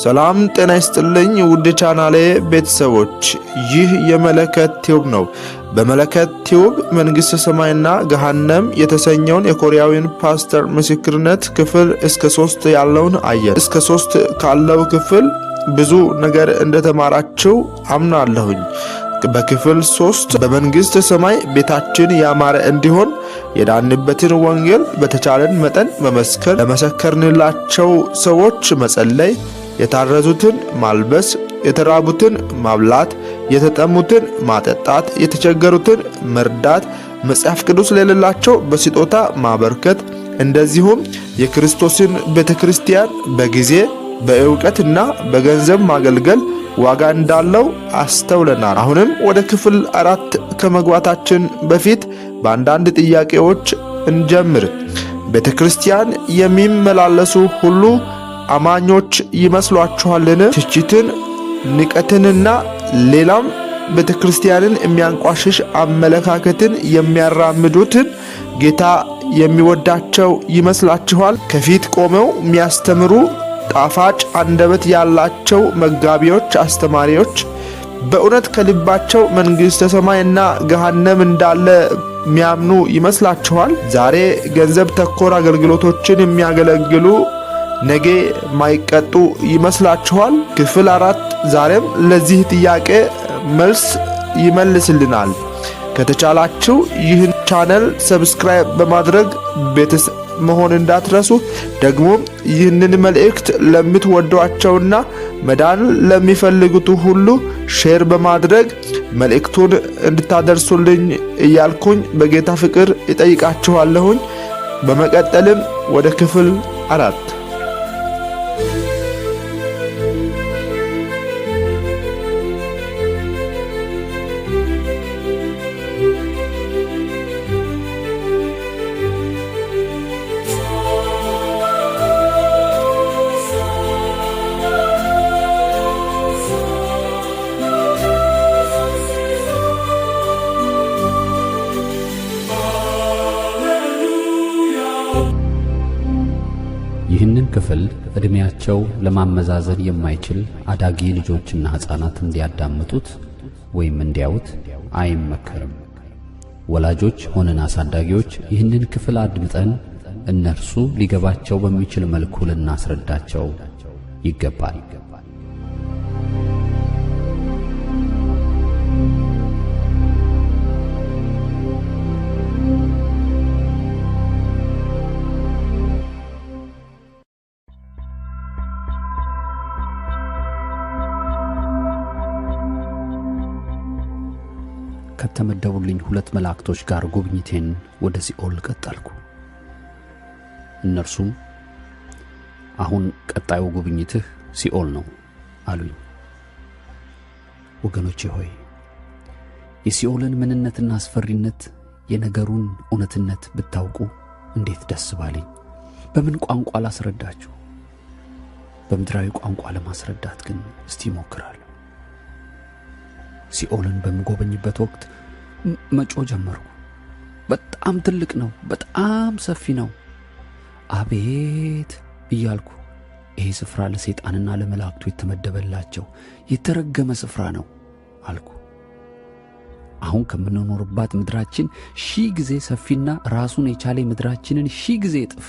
ሰላም ጤና ይስጥልኝ ውድ ቻናሌ ቤተሰቦች፣ ይህ የመለከት ቲዩብ ነው። በመለከት ቲዩብ መንግሥተ ሰማይና ገሃነም የተሰኘውን የኮሪያዊን ፓስተር ምስክርነት ክፍል እስከ ሶስት ያለውን አየን። እስከ ሶስት ካለው ክፍል ብዙ ነገር እንደተማራችው አምናለሁኝ። በክፍል ሶስት በመንግሥተ ሰማይ ቤታችን ያማረ እንዲሆን የዳንበትን ወንጌል በተቻለን መጠን መመስከር፣ ለመሰከርንላቸው ሰዎች መጸለይ የታረዙትን ማልበስ፣ የተራቡትን ማብላት፣ የተጠሙትን ማጠጣት፣ የተቸገሩትን መርዳት፣ መጽሐፍ ቅዱስ ለሌላቸው በስጦታ ማበርከት፣ እንደዚሁም የክርስቶስን ቤተ ክርስቲያን በጊዜ በእውቀትና በገንዘብ ማገልገል ዋጋ እንዳለው አስተውለናል። አሁንም ወደ ክፍል አራት ከመግባታችን በፊት በአንዳንድ ጥያቄዎች እንጀምር። ቤተ ክርስቲያን የሚመላለሱ ሁሉ አማኞች ይመስሏችኋልን? ትችትን፣ ንቀትንና ሌላም ቤተ ክርስቲያንን የሚያንቋሽሽ አመለካከትን የሚያራምዱትን ጌታ የሚወዳቸው ይመስላችኋል? ከፊት ቆመው የሚያስተምሩ ጣፋጭ አንደበት ያላቸው መጋቢዎች፣ አስተማሪዎች በእውነት ከልባቸው መንግሥተ ሰማይና ገሃነም እንዳለ የሚያምኑ ይመስላችኋል? ዛሬ ገንዘብ ተኮር አገልግሎቶችን የሚያገለግሉ ነገ ማይቀጡ ይመስላችኋል? ክፍል አራት ዛሬም ለዚህ ጥያቄ መልስ ይመልስልናል። ከተቻላችሁ ይህን ቻነል ሰብስክራይብ በማድረግ ቤተሰብ መሆን እንዳትረሱ። ደግሞም ይህንን መልእክት ለምትወዷቸውና መዳን ለሚፈልጉት ሁሉ ሼር በማድረግ መልእክቱን እንድታደርሱልኝ እያልኩኝ በጌታ ፍቅር እጠይቃችኋለሁኝ። በመቀጠልም ወደ ክፍል አራት ዕድሜያቸው ለማመዛዘን የማይችል አዳጊ ልጆችና ሕፃናት እንዲያዳምጡት ወይም እንዲያዩት አይመከርም። ወላጆች ሆነን አሳዳጊዎች ይህንን ክፍል አድምጠን እነርሱ ሊገባቸው በሚችል መልኩ ልናስረዳቸው ይገባል። ከተመደቡልኝ ሁለት መላእክቶች ጋር ጉብኝቴን ወደ ሲኦል ቀጠልኩ። እነርሱም አሁን ቀጣዩ ጉብኝትህ ሲኦል ነው አሉኝ። ወገኖቼ ሆይ የሲኦልን ምንነትና አስፈሪነት፣ የነገሩን እውነትነት ብታውቁ እንዴት ደስ ባለኝ! በምን ቋንቋ ላስረዳችሁ? በምድራዊ ቋንቋ ለማስረዳት ግን እስቲ ይሞክራል። ሲኦልን በምጎበኝበት ወቅት መጮ ጀመርኩ። በጣም ትልቅ ነው፣ በጣም ሰፊ ነው። አቤት እያልኩ ይሄ ስፍራ ለሰይጣንና ለመላእክቱ የተመደበላቸው የተረገመ ስፍራ ነው አልኩ። አሁን ከምንኖርባት ምድራችን ሺህ ጊዜ ሰፊና ራሱን የቻለ ምድራችንን ሺህ ጊዜ እጥፍ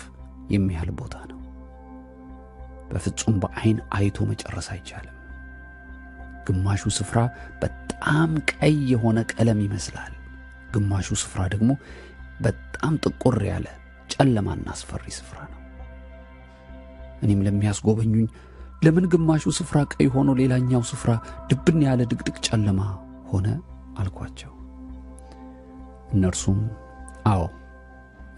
የሚያህል ቦታ ነው። በፍጹም በአይን አይቶ መጨረስ አይቻልም። ግማሹ ስፍራ በጣም ቀይ የሆነ ቀለም ይመስላል። ግማሹ ስፍራ ደግሞ በጣም ጥቁር ያለ ጨለማና አስፈሪ ስፍራ ነው። እኔም ለሚያስጎበኙኝ ለምን ግማሹ ስፍራ ቀይ ሆኖ ሌላኛው ስፍራ ድብን ያለ ድቅድቅ ጨለማ ሆነ አልኳቸው። እነርሱም አዎ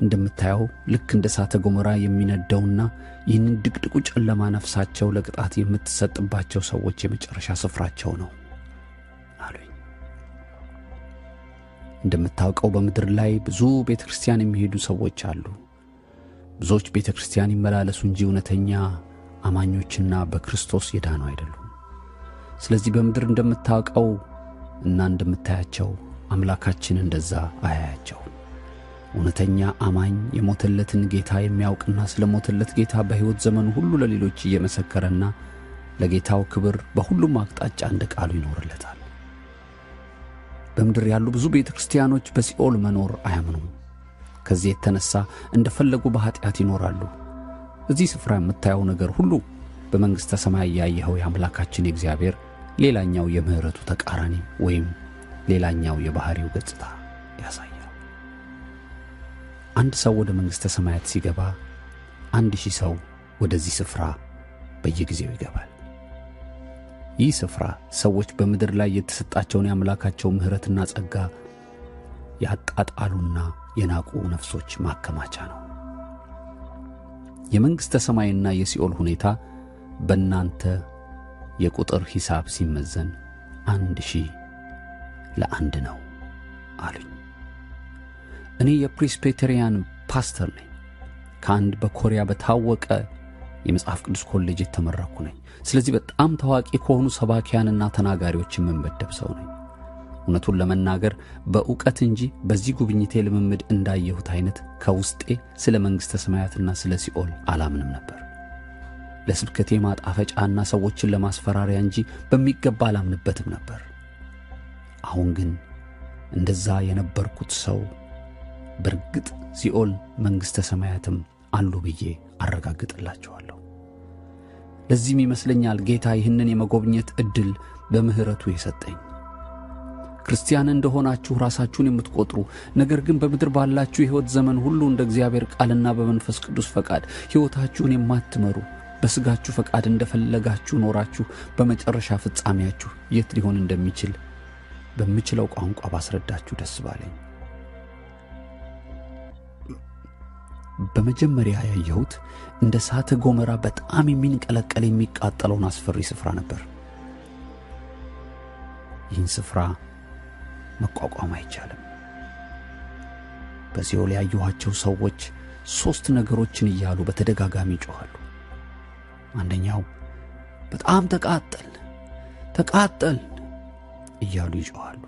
እንደምታየው ልክ እንደ እሳተ ገሞራ የሚነደውና ይህንን ድቅድቁ ጨለማ ነፍሳቸው ለቅጣት የምትሰጥባቸው ሰዎች የመጨረሻ ስፍራቸው ነው እንደምታውቀው በምድር ላይ ብዙ ቤተ ክርስቲያን የሚሄዱ ሰዎች አሉ። ብዙዎች ቤተ ክርስቲያን ይመላለሱ እንጂ እውነተኛ አማኞችና በክርስቶስ የዳኑ አይደሉም። ስለዚህ በምድር እንደምታውቀው እና እንደምታያቸው አምላካችን እንደዛ አያያቸው። እውነተኛ አማኝ የሞተለትን ጌታ የሚያውቅና ስለ ሞተለት ጌታ በሕይወት ዘመኑ ሁሉ ለሌሎች እየመሰከረና ለጌታው ክብር በሁሉም አቅጣጫ እንደ ቃሉ ይኖርለታል። በምድር ያሉ ብዙ ቤተ ክርስቲያኖች በሲኦል መኖር አያምኑም። ከዚህ የተነሳ እንደፈለጉ በኃጢአት ይኖራሉ። እዚህ ስፍራ የምታየው ነገር ሁሉ በመንግሥተ ሰማይ ያየኸው የአምላካችን የእግዚአብሔር ሌላኛው የምሕረቱ ተቃራኒ ወይም ሌላኛው የባሕሪው ገጽታ ያሳያል። አንድ ሰው ወደ መንግሥተ ሰማያት ሲገባ አንድ ሺህ ሰው ወደዚህ ስፍራ በየጊዜው ይገባል። ይህ ስፍራ ሰዎች በምድር ላይ የተሰጣቸውን የአምላካቸው ምሕረትና ጸጋ ያጣጣሉና የናቁ ነፍሶች ማከማቻ ነው። የመንግሥተ ሰማይና የሲኦል ሁኔታ በእናንተ የቁጥር ሂሳብ ሲመዘን አንድ ሺህ ለአንድ ነው አሉኝ። እኔ የፕሪስፔተሪያን ፓስተር ነኝ። ከአንድ በኮሪያ በታወቀ የመጽሐፍ ቅዱስ ኮሌጅ የተመረኩ ነኝ። ስለዚህ በጣም ታዋቂ ከሆኑ ሰባኪያንና ተናጋሪዎች የምመደብ ሰው ነኝ። እውነቱን ለመናገር በእውቀት እንጂ በዚህ ጉብኝቴ ልምምድ እንዳየሁት አይነት ከውስጤ ስለ መንግሥተ ሰማያትና ስለ ሲኦል አላምንም ነበር። ለስብከቴ ማጣፈጫና ሰዎችን ለማስፈራሪያ እንጂ በሚገባ አላምንበትም ነበር። አሁን ግን እንደዛ የነበርኩት ሰው በርግጥ ሲኦል መንግሥተ ሰማያትም አሉ ብዬ አረጋግጥላቸዋለሁ ለዚህም ይመስለኛል ጌታ ይህንን የመጎብኘት ዕድል በምሕረቱ የሰጠኝ። ክርስቲያን እንደሆናችሁ ራሳችሁን የምትቆጥሩ ነገር ግን በምድር ባላችሁ የሕይወት ዘመን ሁሉ እንደ እግዚአብሔር ቃልና በመንፈስ ቅዱስ ፈቃድ ሕይወታችሁን የማትመሩ በሥጋችሁ ፈቃድ እንደፈለጋችሁ ኖራችሁ በመጨረሻ ፍጻሜያችሁ የት ሊሆን እንደሚችል በምችለው ቋንቋ ባስረዳችሁ ደስ ባለኝ። በመጀመሪያ ያየሁት እንደ እሳተ ገሞራ በጣም የሚንቀለቀል የሚቃጠለውን አስፈሪ ስፍራ ነበር። ይህን ስፍራ መቋቋም አይቻልም። በሲኦል ያየኋቸው ሰዎች ሦስት ነገሮችን እያሉ በተደጋጋሚ ይጮኻሉ። አንደኛው በጣም ተቃጠል ተቃጠል እያሉ ይጮኻሉ።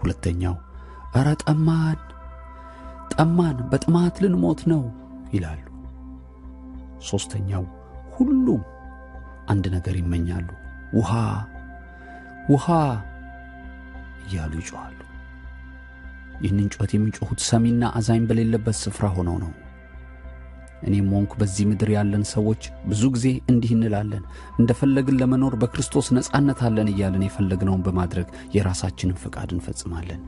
ሁለተኛው እረ ጠማን ጠማን፣ በጥማት ልንሞት ነው ይላሉ። ሦስተኛው ሁሉም አንድ ነገር ይመኛሉ። ውሃ ውሃ እያሉ ይጮኋሉ። ይህንን ጩኸት የሚጮሁት ሰሚና አዛኝ በሌለበት ስፍራ ሆነው ነው። እኔም ሞንኩ በዚህ ምድር ያለን ሰዎች ብዙ ጊዜ እንዲህ እንላለን። እንደፈለግን ለመኖር በክርስቶስ ነፃነት አለን እያለን የፈለግነውን በማድረግ የራሳችንን ፈቃድ እንፈጽማለን።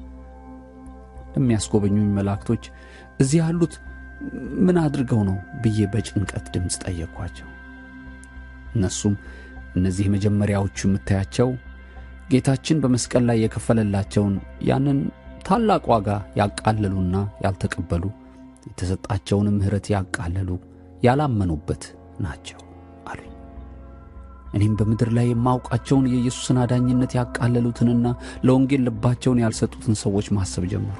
ለሚያስጎበኙኝ መላእክቶች እዚህ ያሉት ምን አድርገው ነው ብዬ በጭንቀት ድምፅ ጠየቅኳቸው። እነሱም እነዚህ መጀመሪያዎቹ የምታያቸው ጌታችን በመስቀል ላይ የከፈለላቸውን ያንን ታላቅ ዋጋ ያቃለሉና ያልተቀበሉ የተሰጣቸውን ምህረት ያቃለሉ ያላመኑበት ናቸው አሉኝ። እኔም በምድር ላይ የማውቃቸውን የኢየሱስን አዳኝነት ያቃለሉትንና ለወንጌል ልባቸውን ያልሰጡትን ሰዎች ማሰብ ጀመሩ።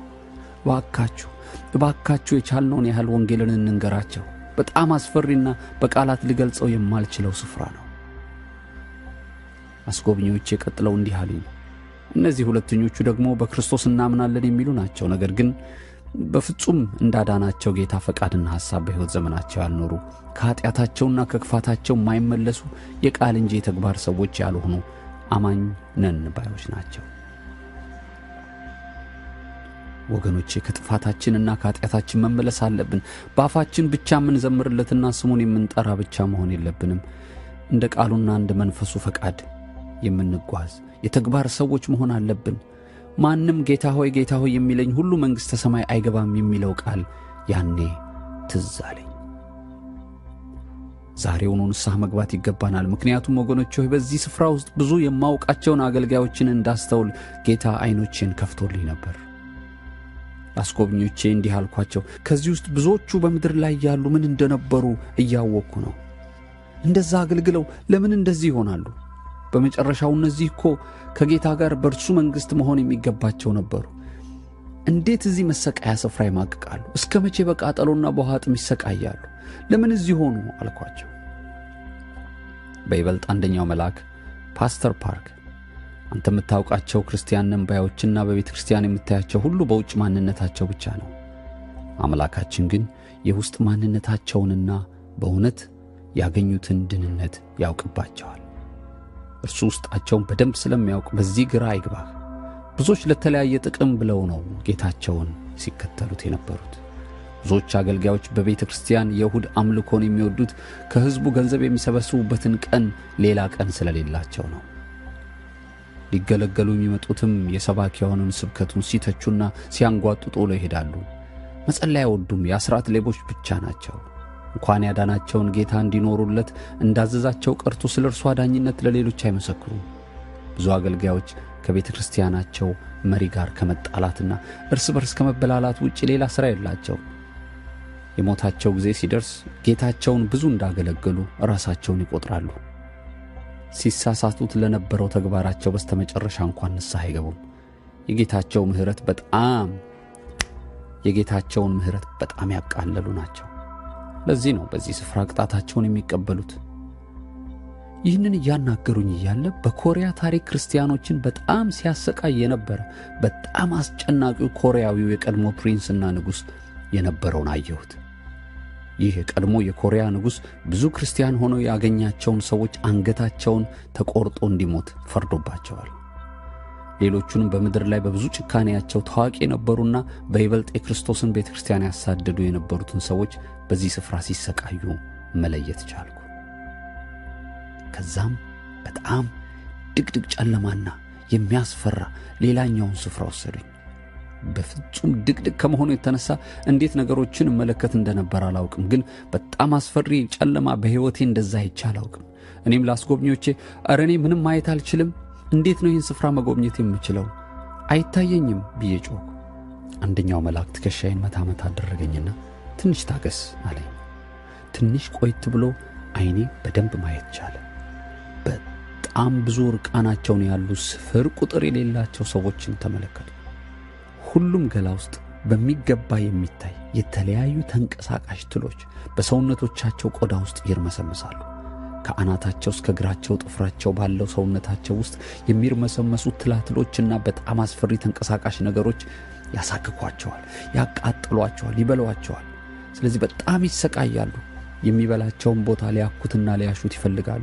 እባካችሁ እባካችሁ የቻልነውን ያህል ወንጌልን እንንገራቸው። በጣም አስፈሪና በቃላት ልገልጸው የማልችለው ስፍራ ነው። አስጎብኚዎች የቀጥለው እንዲህ አሉኝ። እነዚህ ሁለተኞቹ ደግሞ በክርስቶስ እናምናለን የሚሉ ናቸው። ነገር ግን በፍጹም እንዳዳናቸው ጌታ ፈቃድና ሐሳብ በሕይወት ዘመናቸው ያልኖሩ ከኀጢአታቸውና ከክፋታቸው የማይመለሱ የቃል እንጂ የተግባር ሰዎች ያልሆኑ አማኝ ነን ባዮች ናቸው። ወገኖቼ ከጥፋታችንና ከኃጢአታችን መመለስ አለብን። በአፋችን ብቻ የምንዘምርለትና ስሙን የምንጠራ ብቻ መሆን የለብንም። እንደ ቃሉና እንደ መንፈሱ ፈቃድ የምንጓዝ የተግባር ሰዎች መሆን አለብን። ማንም ጌታ ሆይ ጌታ ሆይ የሚለኝ ሁሉ መንግሥተ ሰማይ አይገባም የሚለው ቃል ያኔ ትዝ አለኝ። ዛሬውኑ ንስሐ መግባት ይገባናል። ምክንያቱም ወገኖች ሆይ በዚህ ስፍራ ውስጥ ብዙ የማውቃቸውን አገልጋዮችን እንዳስተውል ጌታ ዓይኖቼን ከፍቶልኝ ነበር። አስጎብኞቼ እንዲህ አልኳቸው፣ ከዚህ ውስጥ ብዙዎቹ በምድር ላይ ያሉ ምን እንደነበሩ እያወቅኩ ነው። እንደዛ አገልግለው ለምን እንደዚህ ይሆናሉ? በመጨረሻው እነዚህ እኮ ከጌታ ጋር በእርሱ መንግሥት መሆን የሚገባቸው ነበሩ። እንዴት እዚህ መሰቃያ ስፍራ ይማቅቃሉ? እስከ መቼ በቃጠሎና በውሃ ጥም ይሰቃያሉ? ለምን እዚህ ሆኑ አልኳቸው። በይበልጥ አንደኛው መልአክ ፓስተር ፓርክ አንተ የምታውቃቸው ክርስቲያን ነን ባዮችና በቤተ ክርስቲያን የምታያቸው ሁሉ በውጭ ማንነታቸው ብቻ ነው። አምላካችን ግን የውስጥ ማንነታቸውንና በእውነት ያገኙትን ድህንነት ያውቅባቸዋል። እርሱ ውስጣቸውን በደንብ ስለሚያውቅ በዚህ ግራ አይግባህ። ብዙዎች ለተለያየ ጥቅም ብለው ነው ጌታቸውን ሲከተሉት የነበሩት። ብዙዎች አገልጋዮች በቤተ ክርስቲያን የእሁድ አምልኮን የሚወዱት ከሕዝቡ ገንዘብ የሚሰበስቡበትን ቀን ሌላ ቀን ስለሌላቸው ነው። ሊገለገሉ የሚመጡትም የሆኑን ስብከቱን ሲተቹና ሲያንጓጡ ጦሎ ይሄዳሉ። መጸለይ አይወዱም። የአስራት ሌቦች ብቻ ናቸው። እንኳን ያዳናቸውን ጌታ እንዲኖሩለት እንዳዘዛቸው ቀርቶ ስለ እርሱ አዳኝነት ለሌሎች አይመሰክሩም። ብዙ አገልጋዮች ከቤተ ክርስቲያናቸው መሪ ጋር ከመጣላትና እርስ በርስ ከመበላላት ውጭ ሌላ ሥራ የላቸው። የሞታቸው ጊዜ ሲደርስ ጌታቸውን ብዙ እንዳገለገሉ ራሳቸውን ይቆጥራሉ። ሲሳሳቱት ለነበረው ተግባራቸው በስተመጨረሻ እንኳን ንስሐ አይገቡም። የጌታቸው ምህረት በጣም የጌታቸውን ምህረት በጣም ያቃለሉ ናቸው። ለዚህ ነው በዚህ ስፍራ ቅጣታቸውን የሚቀበሉት። ይህንን እያናገሩኝ እያለ በኮሪያ ታሪክ ክርስቲያኖችን በጣም ሲያሰቃይ የነበረ በጣም አስጨናቂው ኮሪያዊው የቀድሞ ፕሪንስና ንጉሥ የነበረውን አየሁት። ይህ የቀድሞ የኮሪያ ንጉሥ ብዙ ክርስቲያን ሆነው ያገኛቸውን ሰዎች አንገታቸውን ተቆርጦ እንዲሞት ፈርዶባቸዋል። ሌሎቹንም በምድር ላይ በብዙ ጭካኔያቸው ታዋቂ የነበሩና በይበልጥ የክርስቶስን ቤተ ክርስቲያን ያሳደዱ የነበሩትን ሰዎች በዚህ ስፍራ ሲሰቃዩ መለየት ቻልኩ። ከዛም በጣም ድቅድቅ ጨለማና የሚያስፈራ ሌላኛውን ስፍራ ወሰዱኝ። በፍጹም ድቅድቅ ከመሆኑ የተነሳ እንዴት ነገሮችን እመለከት እንደነበር አላውቅም። ግን በጣም አስፈሪ ጨለማ በሕይወቴ እንደዛ አይቼ አላውቅም። እኔም ላስጎብኚዎቼ ኧረ እኔ ምንም ማየት አልችልም፣ እንዴት ነው ይህን ስፍራ መጎብኘት የምችለው? አይታየኝም ብዬ ጮኩ። አንደኛው መልአክ ትከሻዬን መታመት አደረገኝና ትንሽ ታገስ አለኝ። ትንሽ ቆይት ብሎ አይኔ በደንብ ማየት ቻለ። በጣም ብዙ ርቃናቸውን ያሉ ስፍር ቁጥር የሌላቸው ሰዎችን ተመለከቱ። ሁሉም ገላ ውስጥ በሚገባ የሚታይ የተለያዩ ተንቀሳቃሽ ትሎች በሰውነቶቻቸው ቆዳ ውስጥ ይርመሰመሳሉ። ከአናታቸው እስከ እግራቸው ጥፍራቸው ባለው ሰውነታቸው ውስጥ የሚርመሰመሱ ትላትሎችና በጣም አስፈሪ ተንቀሳቃሽ ነገሮች ያሳክኳቸዋል፣ ያቃጥሏቸዋል፣ ይበሏቸዋል። ስለዚህ በጣም ይሰቃያሉ። የሚበላቸውን ቦታ ሊያኩትና ሊያሹት ይፈልጋሉ።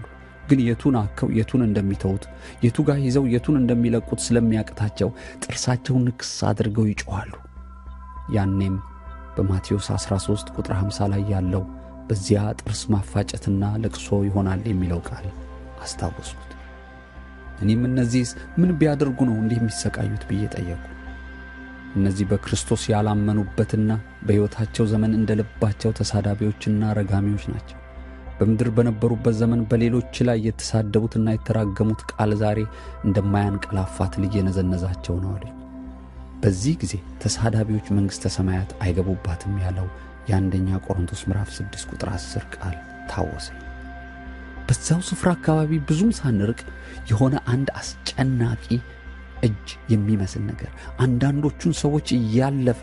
ግን የቱን አከው የቱን እንደሚተውት የቱ ጋር ይዘው የቱን እንደሚለቁት ስለሚያቅታቸው ጥርሳቸውን ንክስ አድርገው ይጮኋሉ። ያኔም በማቴዎስ 13 ቁጥር 50 ላይ ያለው በዚያ ጥርስ ማፋጨትና ለቅሶ ይሆናል የሚለው ቃል አስታወሱት። እኔም እነዚህስ ምን ቢያደርጉ ነው እንዲህ የሚሰቃዩት ብዬ ጠየቁ። እነዚህ በክርስቶስ ያላመኑበትና በሕይወታቸው ዘመን እንደ ልባቸው ተሳዳቢዎችና ረጋሚዎች ናቸው። በምድር በነበሩበት ዘመን በሌሎች ላይ የተሳደቡትና የተራገሙት ቃል ዛሬ እንደማያንቀላፋ ትል እየነዘነዛቸው ነው አሉኝ። በዚህ ጊዜ ተሳዳቢዎች መንግሥተ ሰማያት አይገቡባትም ያለው የአንደኛ ቆሮንቶስ ምዕራፍ 6 ቁጥር 10 ቃል ታወሰኝ። በዚያው ስፍራ አካባቢ ብዙም ሳንርቅ የሆነ አንድ አስጨናቂ እጅ የሚመስል ነገር አንዳንዶቹን ሰዎች እያለፈ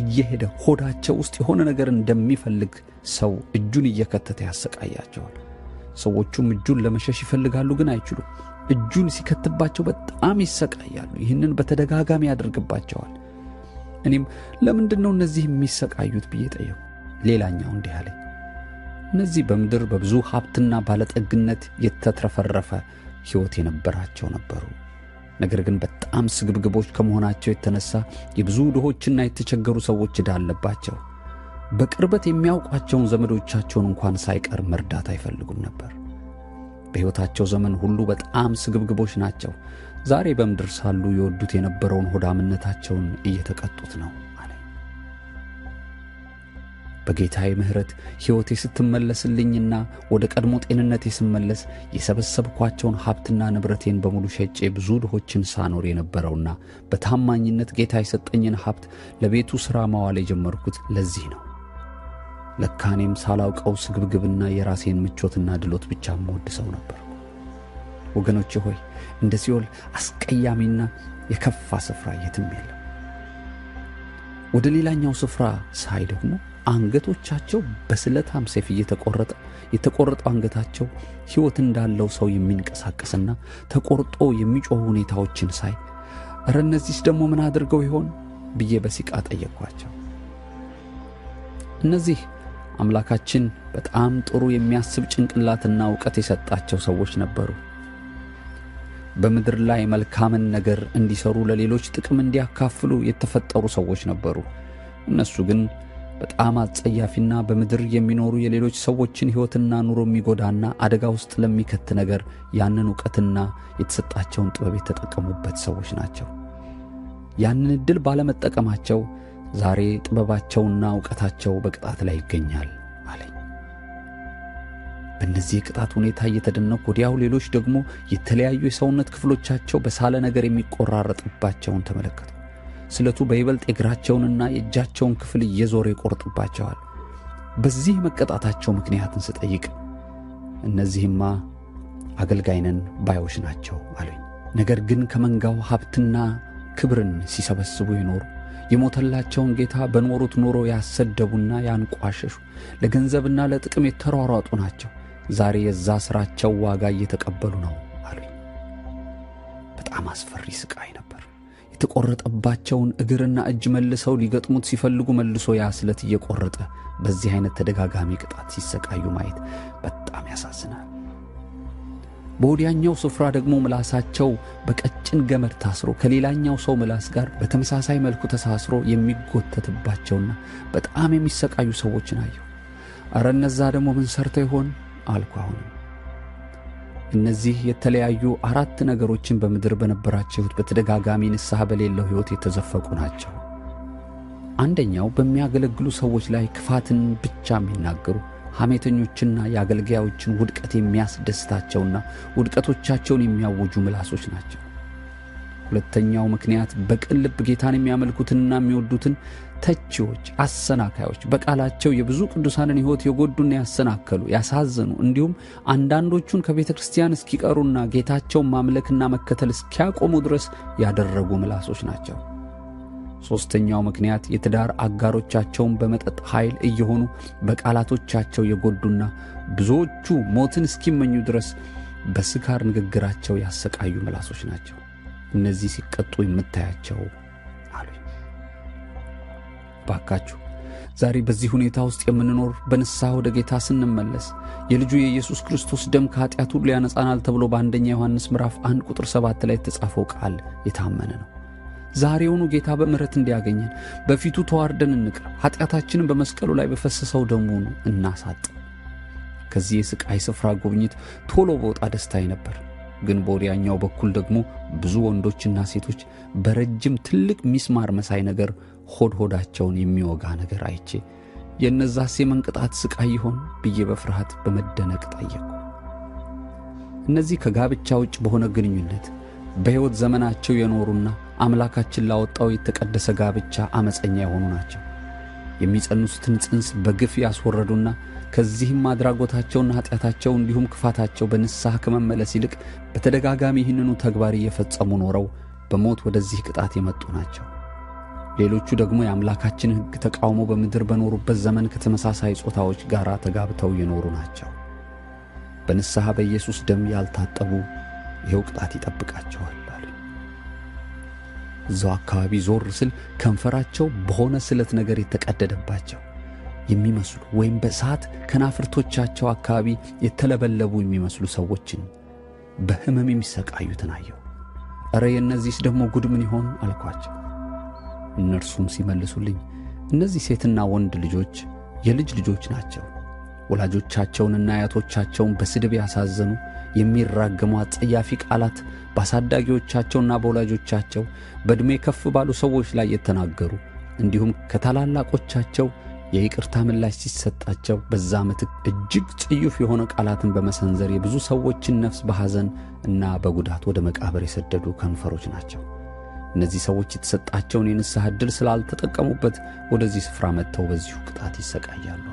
እየሄደ ሆዳቸው ውስጥ የሆነ ነገር እንደሚፈልግ ሰው እጁን እየከተተ ያሰቃያቸዋል። ሰዎቹም እጁን ለመሸሽ ይፈልጋሉ፣ ግን አይችሉም። እጁን ሲከትባቸው በጣም ይሰቃያሉ። ይህንን በተደጋጋሚ ያደርግባቸዋል። እኔም ለምንድን ነው እነዚህ የሚሰቃዩት ብዬ ጠየቁ። ሌላኛው እንዲህ አለኝ፣ እነዚህ በምድር በብዙ ሀብትና ባለጠግነት የተትረፈረፈ ሕይወት የነበራቸው ነበሩ። ነገር ግን በጣም ስግብግቦች ከመሆናቸው የተነሳ የብዙ ድሆችና የተቸገሩ ሰዎች ዕዳ አለባቸው። በቅርበት የሚያውቋቸውን ዘመዶቻቸውን እንኳን ሳይቀር መርዳት አይፈልጉም ነበር። በሕይወታቸው ዘመን ሁሉ በጣም ስግብግቦች ናቸው። ዛሬ በምድር ሳሉ የወዱት የነበረውን ሆዳምነታቸውን እየተቀጡት ነው። በጌታዬ ምሕረት ሕይወቴ ስትመለስልኝና ወደ ቀድሞ ጤንነቴ ስመለስ የሰበሰብኳቸውን ሀብትና ንብረቴን በሙሉ ሸጬ ብዙ ድሆችን ሳኖር የነበረውና በታማኝነት ጌታ የሰጠኝን ሀብት ለቤቱ ሥራ ማዋል የጀመርኩት ለዚህ ነው። ለካ እኔም ሳላውቀው ስግብግብና የራሴን ምቾትና ድሎት ብቻ የምወድ ሰው ነበር። ወገኖቼ ሆይ እንደ ሲኦል አስቀያሚና የከፋ ስፍራ የትም የለም። ወደ ሌላኛው ስፍራ ሳይ ደግሞ አንገቶቻቸው በስለታም ሰይፍ እየተቆረጠ የተቆረጠው አንገታቸው ሕይወት እንዳለው ሰው የሚንቀሳቀስና ተቆርጦ የሚጮህ ሁኔታዎችን ሳይ እረ እነዚህስ ደግሞ ምን አድርገው ይሆን ብዬ በሲቃ ጠየቅኳቸው። እነዚህ አምላካችን በጣም ጥሩ የሚያስብ ጭንቅላትና እውቀት የሰጣቸው ሰዎች ነበሩ። በምድር ላይ መልካምን ነገር እንዲሰሩ፣ ለሌሎች ጥቅም እንዲያካፍሉ የተፈጠሩ ሰዎች ነበሩ። እነሱ ግን በጣም አጸያፊና በምድር የሚኖሩ የሌሎች ሰዎችን ሕይወትና ኑሮ የሚጎዳና አደጋ ውስጥ ለሚከት ነገር ያንን ዕውቀትና የተሰጣቸውን ጥበብ የተጠቀሙበት ሰዎች ናቸው። ያንን ዕድል ባለመጠቀማቸው ዛሬ ጥበባቸውና ዕውቀታቸው በቅጣት ላይ ይገኛል አለኝ። በእነዚህ የቅጣት ሁኔታ እየተደነቅ ወዲያው ሌሎች ደግሞ የተለያዩ የሰውነት ክፍሎቻቸው በሳለ ነገር የሚቆራረጥባቸውን ተመለከቱ። ስለቱ በይበልጥ የእግራቸውንና የእጃቸውን ክፍል እየዞረ ይቆርጥባቸዋል። በዚህ መቀጣታቸው ምክንያትን ስጠይቅ እነዚህማ አገልጋይነን ባዮች ናቸው አሉኝ። ነገር ግን ከመንጋው ሀብትና ክብርን ሲሰበስቡ የኖሩ የሞተላቸውን ጌታ በኖሩት ኑሮ ያሰደቡና ያንቋሸሹ ለገንዘብና ለጥቅም የተሯሯጡ ናቸው። ዛሬ የዛ ሥራቸው ዋጋ እየተቀበሉ ነው አሉኝ። በጣም አስፈሪ ስቃይ ነበር። የተቆረጠባቸውን እግርና እጅ መልሰው ሊገጥሙት ሲፈልጉ መልሶ ያ ስለት እየቆረጠ በዚህ አይነት ተደጋጋሚ ቅጣት ሲሰቃዩ ማየት በጣም ያሳዝናል። በወዲያኛው ስፍራ ደግሞ ምላሳቸው በቀጭን ገመድ ታስሮ ከሌላኛው ሰው ምላስ ጋር በተመሳሳይ መልኩ ተሳስሮ የሚጎተትባቸውና በጣም የሚሰቃዩ ሰዎችን አየሁ። አረ እነዛ ደግሞ ምን ሰርተው ይሆን አልኩ አሁንም እነዚህ የተለያዩ አራት ነገሮችን በምድር በነበራችሁት በተደጋጋሚ ንስሐ በሌለው ሕይወት የተዘፈቁ ናቸው። አንደኛው በሚያገለግሉ ሰዎች ላይ ክፋትን ብቻ የሚናገሩ ሐሜተኞችና የአገልጋዮችን ውድቀት የሚያስደስታቸውና ውድቀቶቻቸውን የሚያውጁ ምላሶች ናቸው። ሁለተኛው ምክንያት በቅን ልብ ጌታን የሚያመልኩትንና የሚወዱትን ተቺዎች፣ አሰናካዮች በቃላቸው የብዙ ቅዱሳንን ሕይወት የጎዱና ያሰናከሉ ያሳዘኑ፣ እንዲሁም አንዳንዶቹን ከቤተ ክርስቲያን እስኪቀሩና ጌታቸውን ማምለክና መከተል እስኪያቆሙ ድረስ ያደረጉ ምላሶች ናቸው። ሦስተኛው ምክንያት የትዳር አጋሮቻቸውን በመጠጥ ኃይል እየሆኑ በቃላቶቻቸው የጎዱና ብዙዎቹ ሞትን እስኪመኙ ድረስ በስካር ንግግራቸው ያሰቃዩ ምላሶች ናቸው። እነዚህ ሲቀጡ የምታያቸው አሉኝ። ባካችሁ ዛሬ በዚህ ሁኔታ ውስጥ የምንኖር በንስሐ ወደ ጌታ ስንመለስ የልጁ የኢየሱስ ክርስቶስ ደም ከኃጢአት ሁሉ ያነጻናል ተብሎ በአንደኛ ዮሐንስ ምዕራፍ 1 ቁጥር 7 ላይ የተጻፈው ቃል የታመነ ነው። ዛሬውኑ ጌታ በምረት እንዲያገኘን በፊቱ ተዋርደን እንቅር ኃጢአታችንን በመስቀሉ ላይ በፈሰሰው ደሙን እናሳጥ። ከዚህ የሥቃይ ስፍራ ጉብኝት ቶሎ በወጣ ደስታ ነበር። ግን በወዲያኛው በኩል ደግሞ ብዙ ወንዶችና ሴቶች በረጅም ትልቅ ሚስማር መሳይ ነገር ሆድ ሆዳቸውን የሚወጋ ነገር አይቼ የእነዛስ የመንቅጣት ሥቃይ ይሆን ብዬ በፍርሃት በመደነቅ ጠየቁ። እነዚህ ከጋብቻ ውጭ በሆነ ግንኙነት በሕይወት ዘመናቸው የኖሩና አምላካችን ላወጣው የተቀደሰ ጋብቻ አመፀኛ የሆኑ ናቸው። የሚጸንሱትን ጽንስ በግፍ ያስወረዱና ከዚህም አድራጎታቸውና ኃጢአታቸው እንዲሁም ክፋታቸው በንስሐ ከመመለስ ይልቅ በተደጋጋሚ ይህንኑ ተግባር እየፈጸሙ ኖረው በሞት ወደዚህ ቅጣት የመጡ ናቸው። ሌሎቹ ደግሞ የአምላካችን ሕግ ተቃውሞ በምድር በኖሩበት ዘመን ከተመሳሳይ ጾታዎች ጋር ተጋብተው የኖሩ ናቸው። በንስሐ በኢየሱስ ደም ያልታጠቡ ይኸው ቅጣት ይጠብቃቸዋል። እዛው አካባቢ ዞር ስል ከንፈራቸው በሆነ ስለት ነገር የተቀደደባቸው የሚመስሉ ወይም በእሳት ከናፍርቶቻቸው አካባቢ የተለበለቡ የሚመስሉ ሰዎችን በህመም የሚሰቃዩትን አየው። እረ የእነዚህስ ደግሞ ጉድ ምን ይሆን አልኳቸው። እነርሱም ሲመልሱልኝ እነዚህ ሴትና ወንድ ልጆች የልጅ ልጆች ናቸው። ወላጆቻቸውንና አያቶቻቸውን በስድብ ያሳዘኑ የሚራገሙ አጸያፊ ቃላት በአሳዳጊዎቻቸውና በወላጆቻቸው በዕድሜ ከፍ ባሉ ሰዎች ላይ የተናገሩ እንዲሁም ከታላላቆቻቸው የይቅርታ ምላሽ ሲሰጣቸው በዛ ምትክ እጅግ ጽዩፍ የሆነ ቃላትን በመሰንዘር የብዙ ሰዎችን ነፍስ በሐዘን እና በጉዳት ወደ መቃብር የሰደዱ ከንፈሮች ናቸው። እነዚህ ሰዎች የተሰጣቸውን የንስሐ ዕድል ስላልተጠቀሙበት ወደዚህ ስፍራ መጥተው በዚሁ ቅጣት ይሰቃያሉ።